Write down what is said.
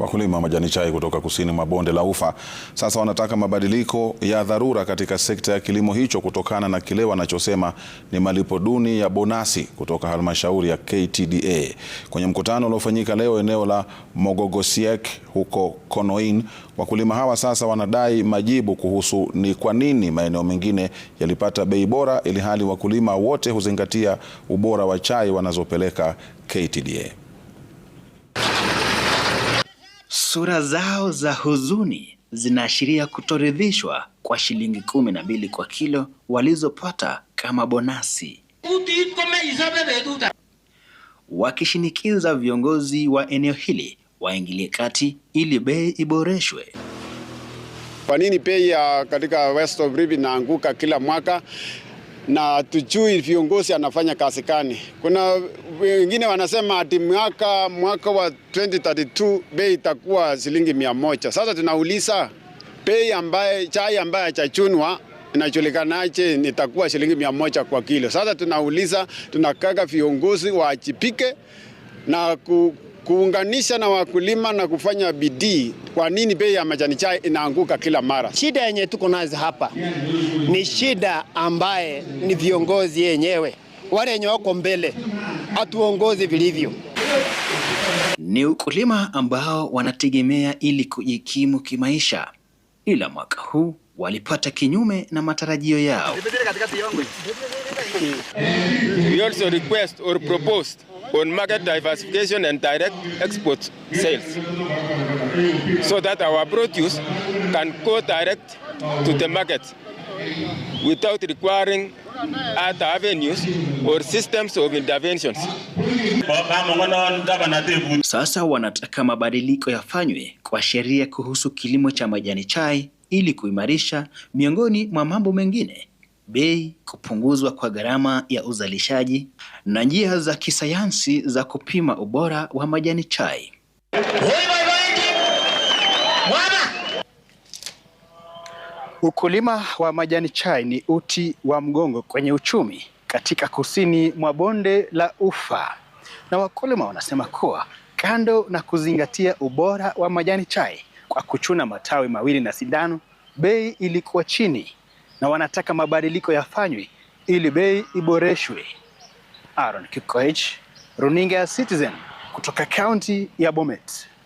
Wakulima wa majani chai kutoka kusini mwa bonde la Ufa sasa wanataka mabadiliko ya dharura katika sekta ya kilimo hicho kutokana na kile wanachosema ni malipo duni ya bonasi kutoka halmashauri ya KTDA. Kwenye mkutano uliofanyika leo eneo la Mogogosiek huko Konoin, wakulima hawa sasa wanadai majibu kuhusu ni kwa nini maeneo mengine yalipata bei bora ili hali wakulima wote huzingatia ubora wa chai wanazopeleka KTDA. Sura zao za huzuni zinaashiria kutoridhishwa kwa shilingi kumi na mbili kwa kilo walizopata kama bonasi, wakishinikiza viongozi wa eneo hili waingilie kati ili bei iboreshwe. Kwa nini bei ya katika West Rift inaanguka kila mwaka? na tujui viongozi anafanya kazi gani. Kuna wengine wanasema hati mwaka mwaka wa 2032 bei itakuwa shilingi mia moja. Sasa tunauliza bei ambaye chai ambaye achachunwa inajulikanaje nitakuwa shilingi mia moja kwa kilo? Sasa tunauliza tunakaga viongozi waajibike na ku, kuunganisha na wakulima na kufanya bidii. Kwa nini bei ya majani chai inaanguka kila mara? Shida yenye tuko nazo hapa ni shida ambaye ni viongozi yenyewe, wale wenye wako mbele hatuongozi vilivyo. Ni ukulima ambao wanategemea ili kujikimu kimaisha, ila mwaka huu walipata kinyume na matarajio yao. We also request or on market diversification and direct export sales so that our produce can go direct to the market without requiring other avenues or systems of interventions. Sasa wanataka mabadiliko yafanywe kwa sheria kuhusu kilimo cha majani chai ili kuimarisha miongoni mwa mambo mengine bei, kupunguzwa kwa gharama ya uzalishaji na njia za kisayansi za kupima ubora wa majani chai. Ukulima wa majani chai ni uti wa mgongo kwenye uchumi katika kusini mwa bonde la Ufa, na wakulima wanasema kuwa kando na kuzingatia ubora wa majani chai kwa kuchuna matawi mawili na sindano, bei ilikuwa chini na wanataka mabadiliko yafanywe ili bei iboreshwe. Aaron Kipkoech, runinga ya Citizen kutoka kaunti ya Bomet.